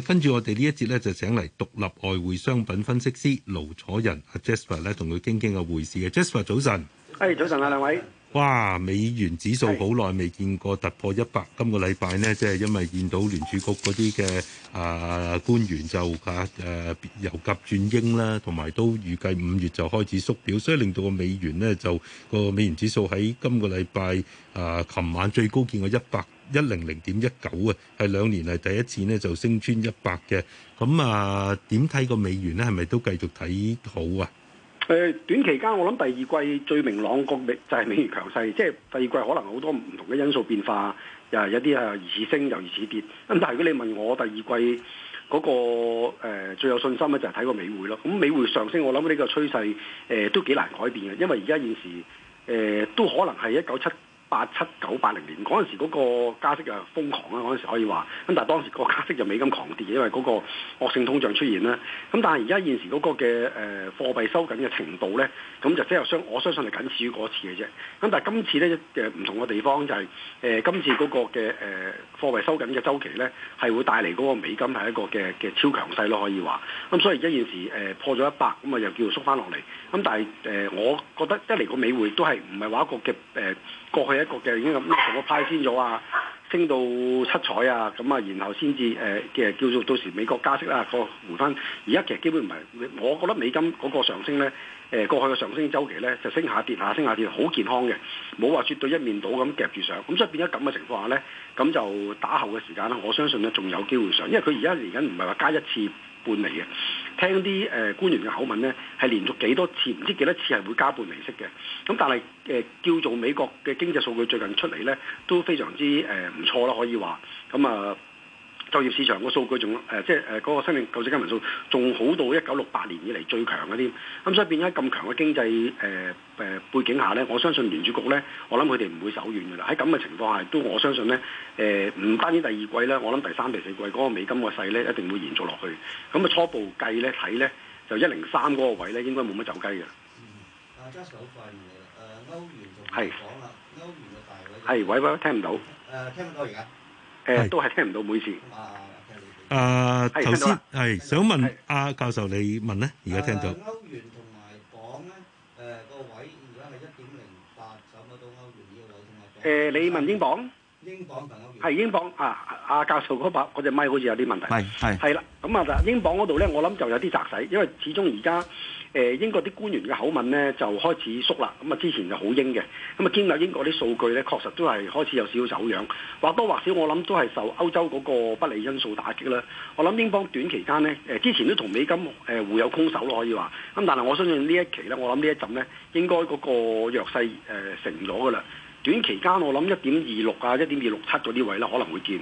跟住我哋呢一節咧，就請嚟獨立外匯商品分析師盧楚仁阿 Jasper 咧，同佢傾傾個匯市嘅。Jasper 早晨，誒早晨啊，兩位。哇，美元指數好耐未見過突破一百，今個禮拜咧，即係因為見到聯儲局嗰啲嘅啊官員就嚇誒由鴿轉鷹啦，同埋都預計五月就開始縮表，所以令到個美元咧就個美元指數喺今個禮拜啊，琴晚最高見過一百。一零零點一九啊，係兩年嚟第一次呢就升穿一百嘅。咁啊，點睇個美元呢？係咪都繼續睇好啊？誒，短期間我諗第二季最明朗局就係美元強勢，即係第二季可能好多唔同嘅因素變化，又係有啲係疑似升又疑似跌。咁但係如果你問我第二季嗰個誒最有信心咧，就係睇個美匯咯。咁美匯上升，我諗呢個趨勢誒都幾難改變嘅，因為而家現時誒都可能係一九七。八七九八零年嗰陣時，嗰個加息啊瘋狂啊。嗰陣時可以話，咁但係當時嗰個加息就美金狂跌，因為嗰個惡性通脹出現啦。咁但係而家現時嗰個嘅誒貨幣收緊嘅程度咧，咁就即係相我相信係僅次於嗰次嘅啫。咁但係今次咧誒唔同嘅地方就係、是、誒今次嗰個嘅誒貨幣收緊嘅周期咧，係會帶嚟嗰個美金係一個嘅嘅超強勢咯，可以話。咁所以而家現時誒破咗一百，咁啊又叫做縮翻落嚟。咁但係誒，我覺得一嚟個美匯都係唔係話一個嘅誒過去。一個嘅已經咁同我派先咗啊，升到七彩啊，咁啊，然後先至誒嘅叫做到時美國加息啊。嗰個回翻。而家其實基本唔係，我覺得美金嗰個上升咧，誒、呃、過去嘅上升周期咧，就升下跌下，升下跌好健康嘅，冇話絕對一面倒咁夾住上。咁所以變咗咁嘅情況下咧，咁就打後嘅時間咧，我相信咧仲有機會上，因為佢而家嚟緊唔係話加一次。半嚟嘅，聽啲誒官員嘅口吻咧，係連續幾多次唔知幾多次係會加半釐息嘅，咁但係誒叫做美國嘅經濟數據，最近出嚟咧都非常之誒唔錯啦，可以話咁啊。就業市場個數據仲誒、呃，即係誒嗰個新命救濟金文數仲好到一九六八年以嚟最強嗰啲。咁所以變咗咁強嘅經濟誒誒、呃、背景下咧，我相信聯儲局咧，我諗佢哋唔會手軟㗎啦。喺咁嘅情況下，都我相信咧誒，唔、呃、單止第二季咧，我諗第三、第四季嗰個美金個勢咧，一定會延續落去。咁啊初步計咧睇咧，就一零三嗰個位咧，應該冇乜走雞嘅。嗯，阿 Justin，誒歐元，啦，歐元嘅大位。係，喂喂，聽唔到。誒、呃，聽唔到而家。誒都係聽唔到每次。誒頭先係想問阿教授你問咧，而家聽到。歐元同埋鎊咧，誒個位而家係一點零八，守唔到歐元呢個位同埋鎊。誒你問英鎊？英鎊係？英鎊啊！阿教授嗰把嗰隻咪好似有啲問題。係係係啦，咁啊，英鎊嗰度咧，我諗就有啲窄使，因為始終而家誒英國啲官員嘅口吻咧就開始縮啦。咁啊，之前就好英嘅，咁啊，今日英國啲數據咧確實都係開始有少少走樣。或多或少，我諗都係受歐洲嗰個不利因素打擊啦。我諗英鎊短期間咧，誒、呃、之前都同美金誒、呃、互有空手咯，可以話。咁但係我相信呢一期咧，我諗呢一陣咧，應該嗰個弱勢誒、呃、成咗噶啦。短期間我諗一點二六啊，一點二六七嗰啲位咧可能會見。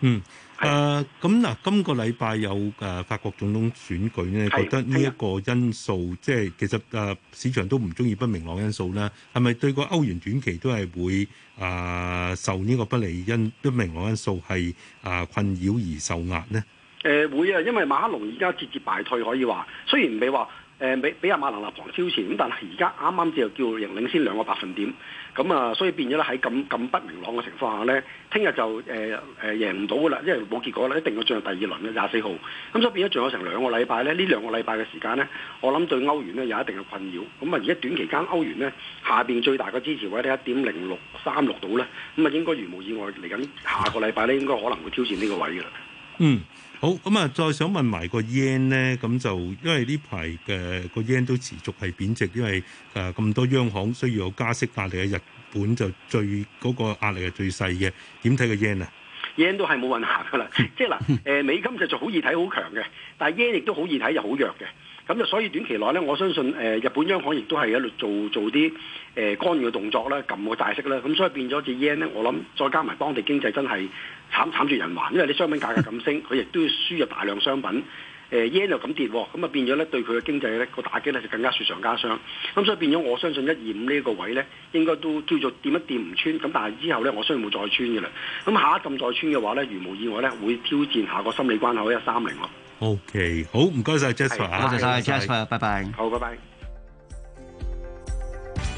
嗯，誒咁嗱，今個禮拜有誒、呃、法國總統選舉呢、啊、覺得呢一個因素，即係、啊、其實誒、啊、市場都唔中意不明朗因素咧，係咪對個歐元短期都係會誒、呃、受呢個不利因不明朗因素係誒、呃、困擾而受壓呢？誒、呃、會啊，因為馬克龍而家節節敗退可以話，雖然唔係話。誒比比亞馬拉立旁超前，咁但係而家啱啱至又叫贏領先兩個百分點，咁啊，所以變咗咧喺咁咁不明朗嘅情況下咧，聽日就誒誒、呃呃、贏唔到噶啦，因為冇結果咧，一定要進入第二輪嘅廿四號，咁所以變咗仲有成兩個禮拜咧，呢兩個禮拜嘅時間咧，我諗對歐元咧有一定嘅困擾，咁啊而家短期間歐元咧下邊最大嘅支持位咧一點零六三六度咧，咁啊應該如無意外嚟緊下，下個禮拜咧應該可能會挑戰呢個位噶啦。嗯，好，咁啊，再想問埋個 yen 咧，咁就因為呢排嘅個 yen 都持續係貶值，因為誒咁多央行需要有加息壓力嘅日本就最嗰、嗰個壓力係最細嘅，點睇個 yen 啊？yen 都係冇運行㗎啦， 即係嗱誒美金就就好易睇好強嘅，但係 yen 亦都好易睇又好弱嘅，咁就所以短期內咧，我相信誒日本央行亦都係一度做做啲誒干預嘅動作啦，撳個大息啦，咁所以變咗隻 yen 咧，我諗再加埋當地經濟真係。慘，慘絕人寰，因為啲商品價格咁升，佢亦都要輸入大量商品。誒、呃，Yen 又咁跌，咁啊變咗咧對佢嘅經濟咧個打擊咧就更加雪上加霜。咁所以變咗我相信一二五呢一個位咧，應該都叫做掂一掂唔穿。咁但係之後咧，我相信會再穿嘅啦。咁下一浸再穿嘅話咧，如無意外咧，會挑戰下個心理關口一三零咯。OK，好，唔該晒 Jasper，多謝晒 Jasper，拜拜。好，拜拜。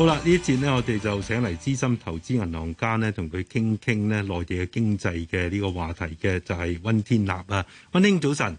好啦，呢一節咧，我哋就請嚟資深投資銀行家呢，同佢傾傾咧內地嘅經濟嘅呢個話題嘅，就係溫天納啊，温兄早晨，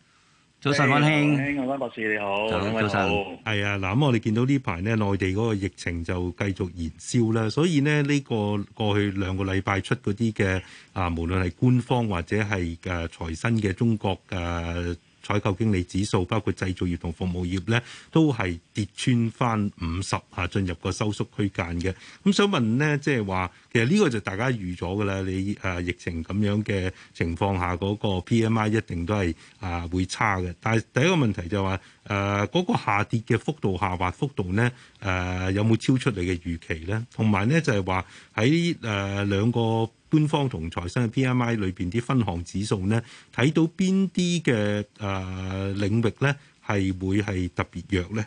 早晨温兄，溫博士你好，早，早晨，係啊，嗱，咁我哋見到呢排咧內地嗰個疫情就繼續燃燒啦，所以呢，呢個過去兩個禮拜出嗰啲嘅啊，無論係官方或者係誒財新嘅中國誒。採購經理指數包括製造業同服務業咧，都係跌穿翻五十吓，進入個收縮區間嘅。咁想問咧，即係話其實呢個就大家預咗㗎啦。你誒、啊、疫情咁樣嘅情況下，嗰、嗰個 PMI 一定都係啊會差嘅。但係第一個問題就係話誒嗰個下跌嘅幅度下滑幅度咧誒、啊、有冇超出你嘅預期咧？同埋咧就係話喺誒兩個。官方同財新嘅 P M I 裏邊啲分項指數呢，睇到邊啲嘅誒領域咧，係會係特別弱咧？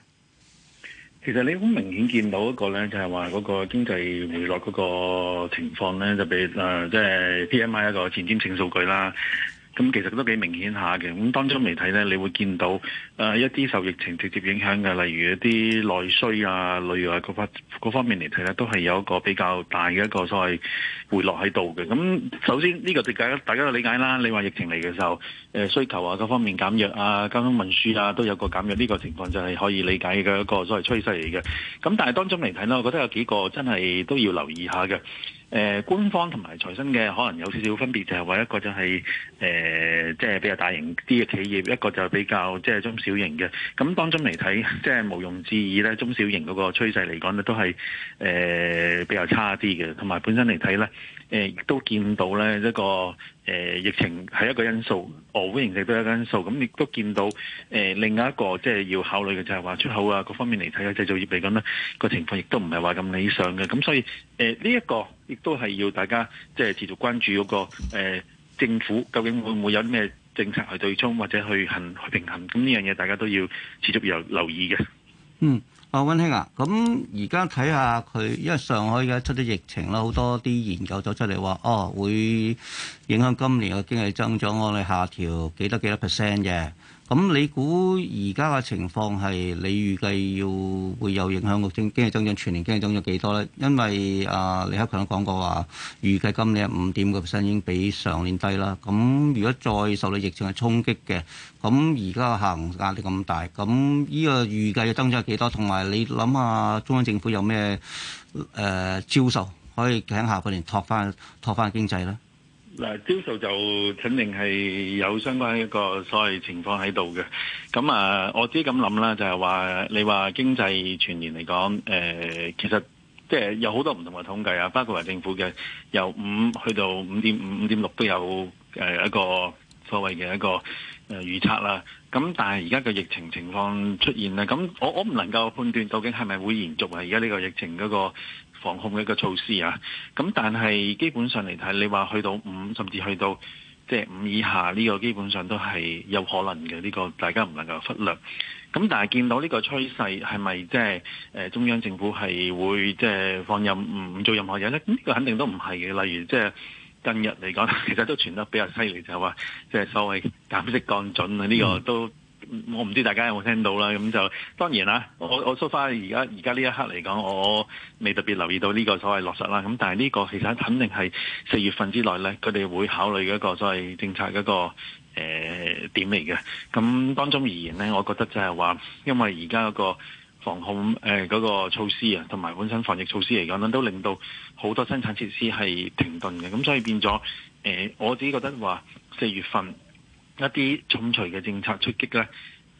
其實你好明顯見到一個咧，就係話嗰個經濟回落嗰個情況咧，就譬如誒，即係 P M I 一個前瞻性數據啦。咁其實都幾明顯下嘅，咁當中媒體呢，你會見到誒、呃、一啲受疫情直接影響嘅，例如一啲內需啊、例如話嗰方嗰方面嚟睇呢，都係有一個比較大嘅一個所謂回落喺度嘅。咁首先呢、呢個就大家理解啦。你話疫情嚟嘅時候。誒、呃、需求啊，各方面減弱啊，交通運輸啊，都有個減弱，呢、這個情況就係可以理解嘅一個所謂趨勢嚟嘅。咁但係當中嚟睇咧，我覺得有幾個真係都要留意一下嘅。誒、呃、官方同埋財新嘅可能有少少分別，就係、是、話一個就係誒即係比較大型啲嘅企業，一個就是比較即係中小型嘅。咁當中嚟睇，即、就、係、是、毋庸置疑咧，中小型嗰個趨勢嚟講呢，都係誒、呃、比較差啲嘅。同埋本身嚟睇咧，亦、呃、都見到呢一個。誒疫情係一個因素，俄烏形勢都係一個因素。咁亦都見到誒，另一個即係要考慮嘅，就係話出口啊，各方面嚟睇嘅製造業嚟講，呢個情況亦都唔係話咁理想嘅。咁所以誒，呢一個亦都係要大家即係持續關注嗰個，誒政府究竟會唔會有啲咩政策去對沖或者去去平衡。咁呢樣嘢大家都要持續有留意嘅。嗯。啊，溫兄啊，咁而家睇下佢，因為上海而家出咗疫情啦，好多啲研究咗出嚟話，哦，會影響今年嘅經濟增長，我哋下調幾多幾多 percent 嘅。咁你估而家嘅情況，係你預計要會有影響個經濟增長，全年經濟增長幾多咧？因為啊李克強都講過話，預計今年五點個 percent 已經比上年低啦。咁如果再受到疫情嘅衝擊嘅，咁而家嘅下行壓力咁大，咁呢個預計嘅增長係幾多？同埋你諗下中央政府有咩誒、呃、招數可以喺下半年托翻、托翻經濟咧？嗱，招數就肯定係有相關一個所謂情況喺度嘅。咁啊，我自己咁諗啦，就係話你話經濟全年嚟講，其實即係有好多唔同嘅統計啊，包括話政府嘅由五去到五點五、五點六都有誒一個所謂嘅一個誒預測啦。咁但係而家嘅疫情情況出現咧，咁我我唔能夠判斷究竟係咪會延續啊，而家呢個疫情嗰個，防控嘅一個措施啊，咁但係基本上嚟睇，你話去到五甚至去到即係五以下呢個，基本上都係有可能嘅，呢個大家唔能夠忽略。咁但係見到呢個趨勢，係咪即係誒中央政府係會即係放任唔做任何嘢呢？呢個肯定都唔係嘅。例如即係近日嚟講，其實都傳得比較犀利，就係話即係所謂減息降準啊，呢個都。嗯我唔知大家有冇聽到啦，咁就當然啦。我我 so far 而家而家呢一刻嚟講，我未特別留意到呢個所謂落實啦。咁但係呢個其實肯定係四月份之內呢，佢哋會考慮一個所謂政策嗰個誒點嚟嘅。咁當中而言呢，我覺得就係話，因為而家嗰個防控誒嗰個措施啊，同埋本身防疫措施嚟講，都令到好多生產設施係停頓嘅。咁所以變咗誒，我自己覺得話四月份，一啲重錘嘅政策出擊呢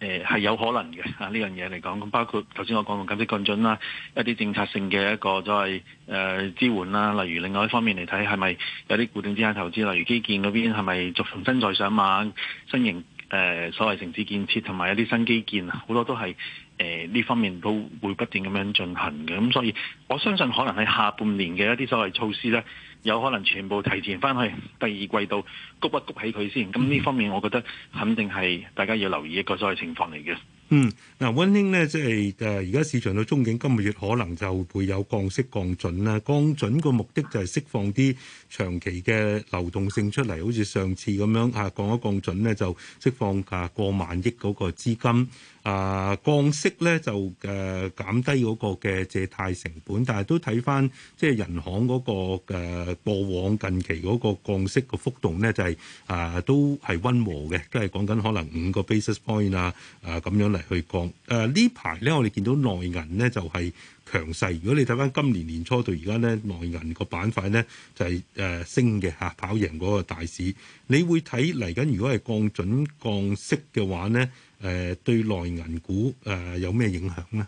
誒係、呃、有可能嘅啊！呢樣嘢嚟講，咁包括頭先我講到加息降準啦，一啲政策性嘅一個所謂誒支援啦，例如另外一方面嚟睇，係咪有啲固定資產投資，例如基建嗰邊係咪續重新再上馬新型誒所謂城市建設同埋一啲新基建啊，好多都係。誒，呢方面都會不斷咁樣進行嘅，咁所以我相信可能喺下半年嘅一啲所謂措施呢，有可能全部提前返去第二季度谷一谷起佢先。咁呢方面，我覺得肯定係大家要留意一個所謂情況嚟嘅。嗯，嗱，温馨呢，即係誒，而家市場到中景，今個月可能就會有降息降準啦，降準個目的就係釋放啲長期嘅流動性出嚟，好似上次咁樣下降一降準呢，就釋放啊過萬億嗰個資金。啊、呃，降息咧就誒、呃、減低嗰個嘅借貸成本，但係都睇翻即係人行嗰、那個誒、呃、過往近期嗰個降息個幅度咧，就係啊都係溫和嘅，都係講緊可能五個 basis point 啊啊咁、呃、樣嚟去降。誒、呃、呢排咧，我哋見到內銀咧就係、是、強勢。如果你睇翻今年年初到而家咧，內銀個板塊咧就係、是、誒、呃、升嘅嚇，跑贏嗰個大市。你會睇嚟緊，如果係降準降息嘅話咧？誒、呃、對內銀股、呃、有咩影響呢？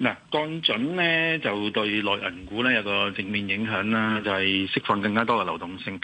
嗱，降準呢，就對內銀股呢，有個正面影響啦，就係、是、釋放更加多嘅流動性。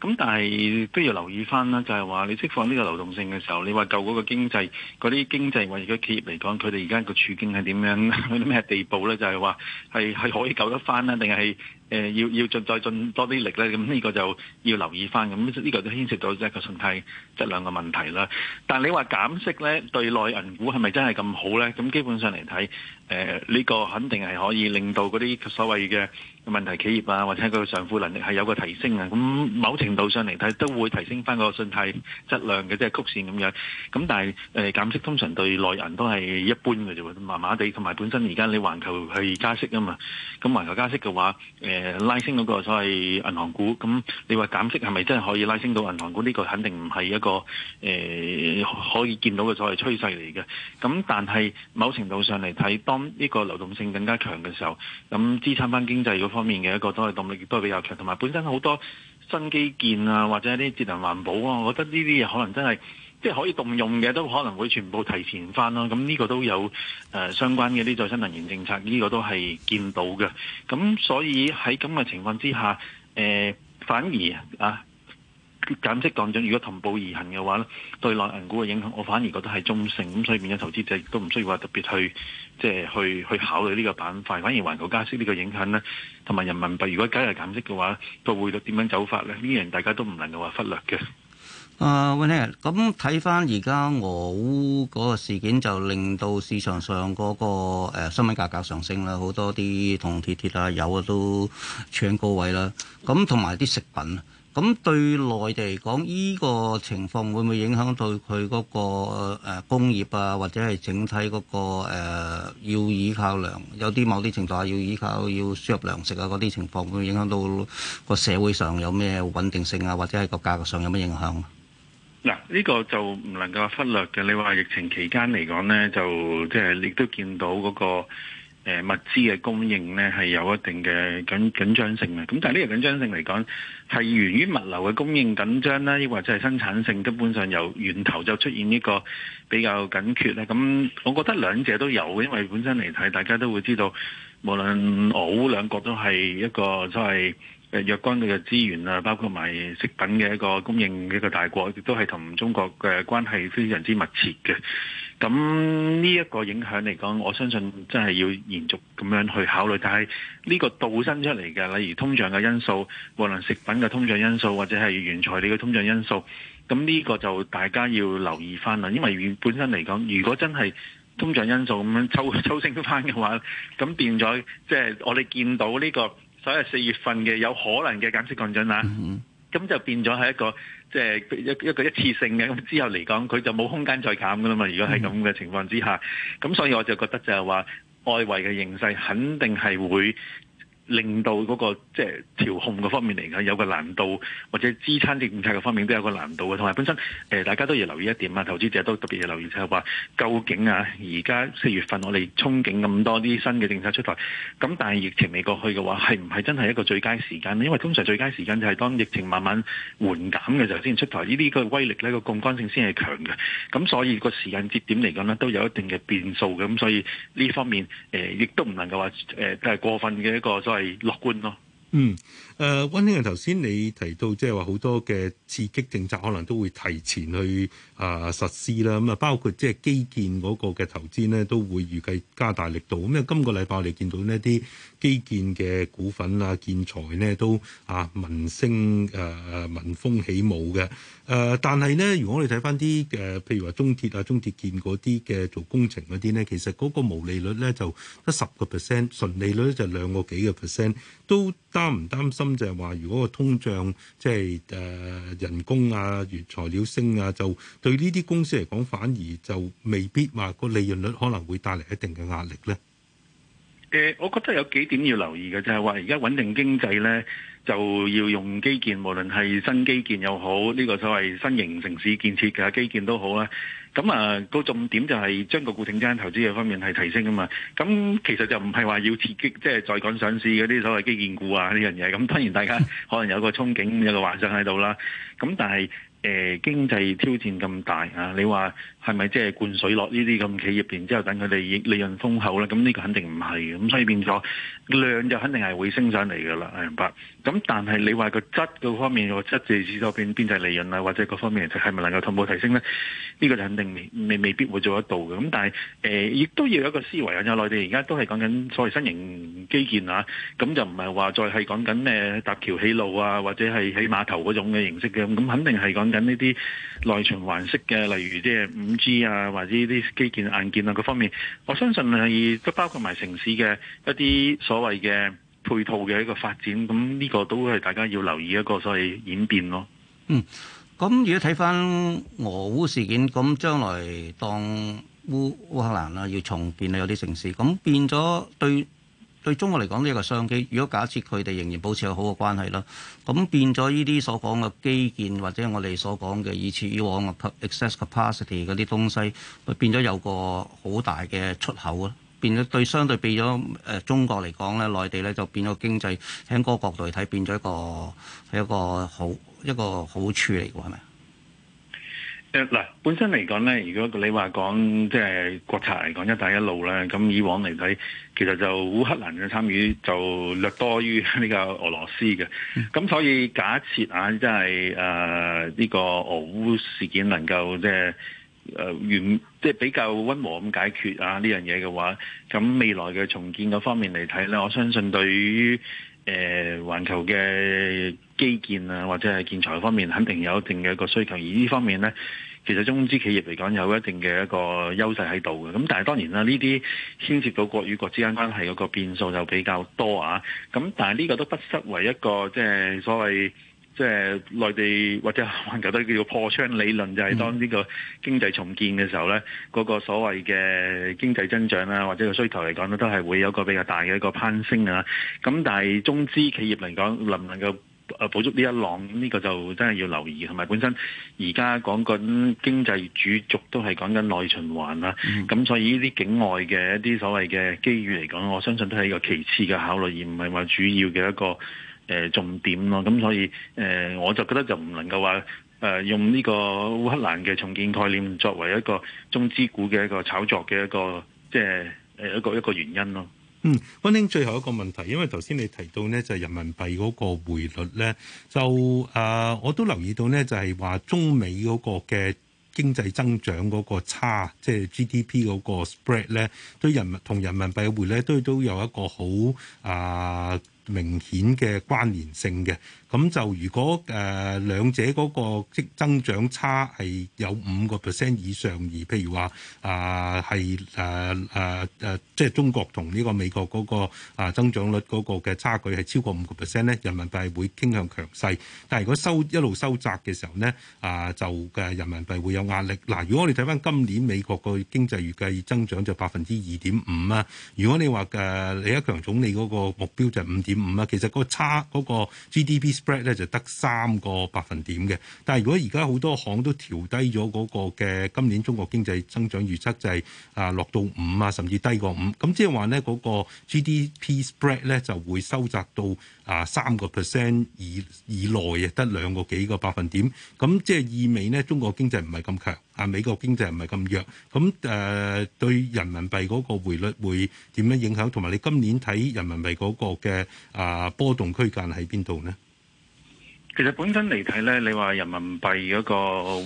咁但係都要留意翻啦，就係、是、話你釋放呢個流動性嘅時候，你話救嗰個經濟嗰啲經濟或者個企業嚟講，佢哋而家個處境係點樣？去到咩地步呢？就係話係係可以救得翻咧，定係？誒要要再再盡多啲力咧，咁呢個就要留意返咁，呢個都牽涉到即係個信貸質量嘅問題啦。但係你話減息咧，對內銀股係咪真係咁好咧？咁基本上嚟睇，誒呢個肯定係可以令到嗰啲所謂嘅，問題企業啊，或者佢嘅償付能力係有個提升啊，咁某程度上嚟睇都會提升翻個信貸質量嘅，即係曲線咁樣。咁但係誒減息通常對內銀都係一般嘅啫喎，麻麻地。同埋本身而家你環球去加息啊嘛，咁環球加息嘅話，誒拉升嗰個所謂銀行股。咁你話減息係咪真係可以拉升到銀行股？呢個肯定唔係一個誒可以見到嘅所謂趨勢嚟嘅。咁但係某程度上嚟睇，當呢個流動性更加強嘅時候，咁支撐班經濟方面嘅一個都係動力亦都係比較強，同埋本身好多新基建啊，或者一啲節能環保啊，我覺得呢啲嘢可能真係即係可以動用嘅，都可能會全部提前翻咯、啊。咁呢個都有誒、呃、相關嘅啲再生能源政策，呢、呢個都係見到嘅。咁所以喺咁嘅情況之下，誒、呃、反而啊。減息降準，如果同步而行嘅話咧，對內銀股嘅影響，我反而覺得係中性，咁所以變咗投資者亦都唔需要話特別去，即係去去考慮呢個板塊。反而環球加息呢個影響咧，同埋人民幣如果今日減息嘅話，個匯率點樣走法咧？呢樣大家都唔能夠話忽略嘅。啊，Vincent，咁睇翻而家俄烏嗰個事件，就令到市場上嗰、那個誒、呃、商品價格上升啦，好多啲銅鐵鐵啊、油啊都搶高位啦。咁同埋啲食品。咁對內地嚟講，依、呢個情況會唔會影響到佢嗰個工業啊，或者係整體嗰、嗰個、呃、要依靠糧，有啲某啲程度啊，要依靠要輸入糧食啊嗰啲情況，會影響到個社會上有咩穩定性啊，或者係個價格上有咩影響啊？嗱，呢個就唔能夠忽略嘅。你話疫情期間嚟講呢，就即係亦都見到嗰、嗰個。誒物資嘅供應呢係有一定嘅緊緊張性嘅，咁但係呢個緊張性嚟講，係源於物流嘅供應緊張啦，抑或者係生產性根本上由源頭就出現呢個比較緊缺咧。咁我覺得兩者都有，因為本身嚟睇，大家都會知道，無論俄烏兩國都係一個所謂。若干嘅資源啊，包括埋食品嘅一個供應嘅一個大國，亦都係同中國嘅關係非常之密切嘅。咁呢一個影響嚟講，我相信真係要延續咁樣去考慮。但係呢個導生出嚟嘅，例如通脹嘅因素，無論食品嘅通脹因素，或者係原材料嘅通脹因素，咁呢個就大家要留意翻啦。因為本本身嚟講，如果真係通脹因素咁樣抽抽升翻嘅話，咁變咗即係我哋見到呢個。所以四月份嘅有可能嘅減息降準啦，咁、嗯、就變咗係一個即係、就是、一一個一次性嘅，咁之後嚟講，佢就冇空間再減噶啦嘛。如果係咁嘅情況之下，咁、嗯、所以我就覺得就係話外圍嘅形勢肯定係會。令到嗰個即係調控嘅方面嚟講，有個難度，或者支撐政策嘅方面都有個難度嘅。同埋本身，誒大家都要留意一點啊，投資者都特別要留意就係話，究竟啊而家四月份我哋憧憬咁多啲新嘅政策出台，咁但係疫情未過去嘅話，係唔係真係一個最佳時間咧？因為通常最佳時間就係當疫情慢慢緩減嘅時候先出台，呢啲個威力呢個槓桿性先係強嘅。咁所以個時間節點嚟講呢，都有一定嘅變數嘅。咁所以呢方面誒，亦都唔能夠話誒係過分嘅一個所謂。係樂觀咯。嗯，誒、嗯，溫先生頭先你提到即係話好多嘅刺激政策可能都會提前去啊、呃、實施啦，咁啊包括即係基建嗰個嘅投資咧都會預計加大力度。咁、嗯、啊，今個禮拜我哋見到呢一啲基建嘅股份啊、建材咧都啊聞聲誒、呃、聞風起舞嘅。誒、呃。但係咧，如果我哋睇翻啲誒，譬如話中鐵啊、中鐵建嗰啲嘅做工程嗰啲咧，其實嗰個毛利率咧就得十個 percent，純利率咧就兩個幾個 percent 都得。擔唔擔心就係話，如果個通脹即係誒、呃、人工啊、原材料升啊，就對呢啲公司嚟講，反而就未必話個利潤率可能會帶嚟一定嘅壓力咧？誒， 我覺得有幾點要留意嘅，就係話而家穩定經濟呢，就要用基建，無論係新基建又好，呢、這個所謂新型城市建設嘅基建都好啦。咁啊，個重點就係將個固定間投資嘅方面係提升啊嘛。咁其實就唔係話要刺激，即係再趕上市嗰啲所謂基建股啊呢樣嘢。咁當然大家可能有個憧憬，有個幻想喺度啦。咁但係誒、呃、經濟挑戰咁大啊，你話？係咪即係灌水落呢啲咁企業，然之後等佢利益、利潤豐厚咧？咁、這、呢個肯定唔係嘅，咁所以變咗量就肯定係會升上嚟噶啦，係唔係？咁但係你話個質嘅方面，個質地、是否變變曬利潤啊，或者各方面係咪能夠同步提升咧？呢、這個就肯定未未未必會做得到嘅。咁但係誒，亦、呃、都要有一個思維啊。因為內地而家都係講緊所謂新型基建啊，咁就唔係話再係講緊咩搭橋起路啊，或者係起碼頭嗰種嘅形式嘅。咁肯定係講緊呢啲內循環式嘅，例如即係。G 啊，或者啲基建硬件啊，各方面，我相信係都包括埋城市嘅一啲所謂嘅配套嘅一個發展，咁呢個都係大家要留意一個所謂演變咯。嗯，咁如果睇翻俄烏事件，咁將來當烏烏克蘭啦要重建啊，有啲城市，咁變咗對。對中國嚟講，呢個商機，如果假設佢哋仍然保持有好嘅關係啦，咁變咗呢啲所講嘅基建或者我哋所講嘅以次以往嘅 excess capacity 嗰啲東西，變咗有個好大嘅出口咯，變咗對相對變咗誒中國嚟講咧，內地咧就變咗經濟喺嗰個角度嚟睇變咗一個係一個好一個好處嚟嘅喎，係咪啊？誒嗱，本身嚟講咧，如果你話講即係國策嚟講，一帶一路咧，咁以往嚟睇，其實就烏克蘭嘅參與就略多於呢個俄羅斯嘅。咁所以假設啊，即係誒呢個俄烏事件能夠即係誒原即係、即係、比較温和咁解決啊呢樣嘢嘅話，咁未來嘅重建嗰方面嚟睇咧，我相信對於誒呃、環球嘅基建啊，或者係建材方面，肯定有一定嘅一個需求。而呢方面呢，其實中資企業嚟講，有一定嘅一個優勢喺度嘅。咁但係當然啦，呢啲牽涉到國與國之間關係嗰個變數就比較多啊。咁但係呢個都不失為一個即係、就是、所謂即係、就是、內地或者環球都叫破窗理論，就係、是、當呢個經濟重建嘅時候呢，嗰、那個所謂嘅經濟增長啊，或者個需求嚟講呢，都係會有一個比較大嘅一個攀升啊。咁但係中資企業嚟講，能唔能夠？誒補足呢一浪，呢、這個就真係要留意，同埋本身而家講緊經濟主軸都係講緊內循環啦。咁、嗯、所以呢啲境外嘅一啲所謂嘅機遇嚟講，我相信都係一個其次嘅考慮，而唔係話主要嘅一個誒、呃、重點咯。咁所以誒、呃，我就覺得就唔能夠話誒、呃、用呢個烏克蘭嘅重建概念作為一個中資股嘅一個炒作嘅一個即係誒一個一個，一個原因咯。嗯，溫丁最後一個問題，因為頭先你提到呢，就係人民幣嗰個匯率呢，就誒、呃、我都留意到呢，就係、是、話中美嗰個嘅經濟增長嗰個差，即、就、係、是、GDP 嗰個 spread 呢，對人民同人民幣匯率都都有一個好啊、呃、明顯嘅關聯性嘅。咁就如果誒兩、呃、者嗰個即增長差係有五個 percent 以上，而譬如話啊係誒誒誒即係中國同呢個美國嗰個啊增長率嗰個嘅差距係超過五個 percent 咧，人民幣會傾向強勢，但係如果收一路收窄嘅時候咧，啊、呃、就嘅人民幣會有壓力。嗱、呃，如果我哋睇翻今年美國個經濟預計增長就百分之二點五啊，如果你話誒李克強總理嗰個目標就五點五啊，其實個差嗰、嗰個 GDP。spread 咧就得三個百分點嘅，但係如果而家好多行都調低咗嗰個嘅今年中國經濟增長預測，就是，就係啊落到五啊，甚至低過五，咁即係話咧嗰個 GDP spread 咧就會收窄到啊三個 percent 以以內啊，得兩個幾個百分點，咁即係意味咧中國經濟唔係咁強，啊美國經濟唔係咁弱，咁誒、呃、對人民幣嗰個匯率會點樣影響？同埋你今年睇人民幣嗰個嘅啊波動區間喺邊度呢？其實本身嚟睇咧，你話人民幣嗰個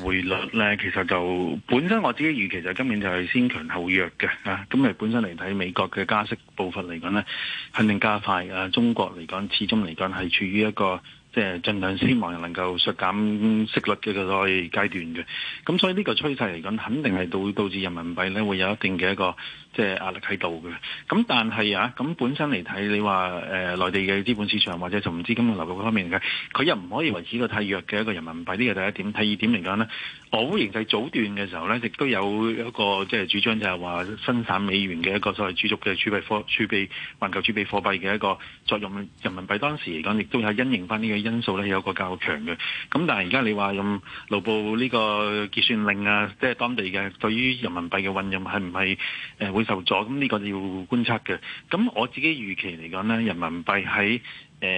匯率咧，其實就本身我自己預期就今年就係先強後弱嘅嚇。咁、啊、咪本身嚟睇美國嘅加息步伐嚟講咧，肯定加快嘅、啊。中國嚟講，始終嚟講係處於一個。即係儘量希望能夠削減息率嘅嗰個階段嘅，咁所以呢個趨勢嚟講，肯定係到導致人民幣咧會有一定嘅一個即係壓力喺度嘅。咁但係啊，咁本身嚟睇你話誒內地嘅資本市場或者從資金嘅流入方面嚟計，佢又唔可以維持到太弱嘅一個人民幣。呢個第一點。第二點嚟講呢，我洲形勢早段嘅時候呢，亦都有一個即係主張就係話分散美元嘅一個所謂儲蓄嘅儲備貨儲備、環球儲備貨幣嘅一個作用。人民幣當時嚟講亦都有因應翻、這、呢個。因素咧有個較強嘅，咁但係而家你話用盧布呢個結算令啊，即係當地嘅對於人民幣嘅運用係唔係誒會受阻？咁呢個要觀察嘅。咁我自己預期嚟講咧，人民幣喺呃、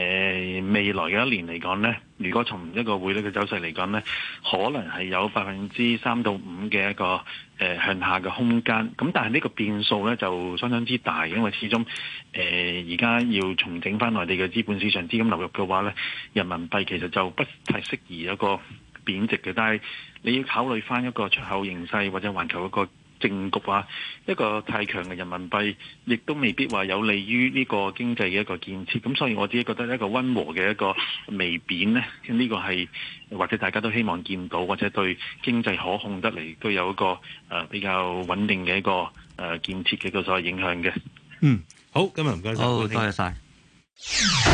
未來嘅一年嚟講呢，如果從一個匯率嘅走勢嚟講呢，可能係有百分之三到五嘅一個、呃、向下嘅空間。咁但係呢個變數呢就相當之大，因為始終誒而家要重整翻內地嘅資本市場資金流入嘅話呢，人民幣其實就不太適宜一個貶值嘅。但係你要考慮翻一個出口形勢，或者環球一個。政局啊，一個太強嘅人民幣亦都未必話有利於呢個經濟嘅一個建設，咁所以我自己覺得一個溫和嘅一個微貶咧，呢、呢個係或者大家都希望見到，或者對經濟可控得嚟都有一個誒、呃、比較穩定嘅一個誒、呃、建設嘅一個所有影響嘅。嗯，好，今日唔該晒，多謝晒。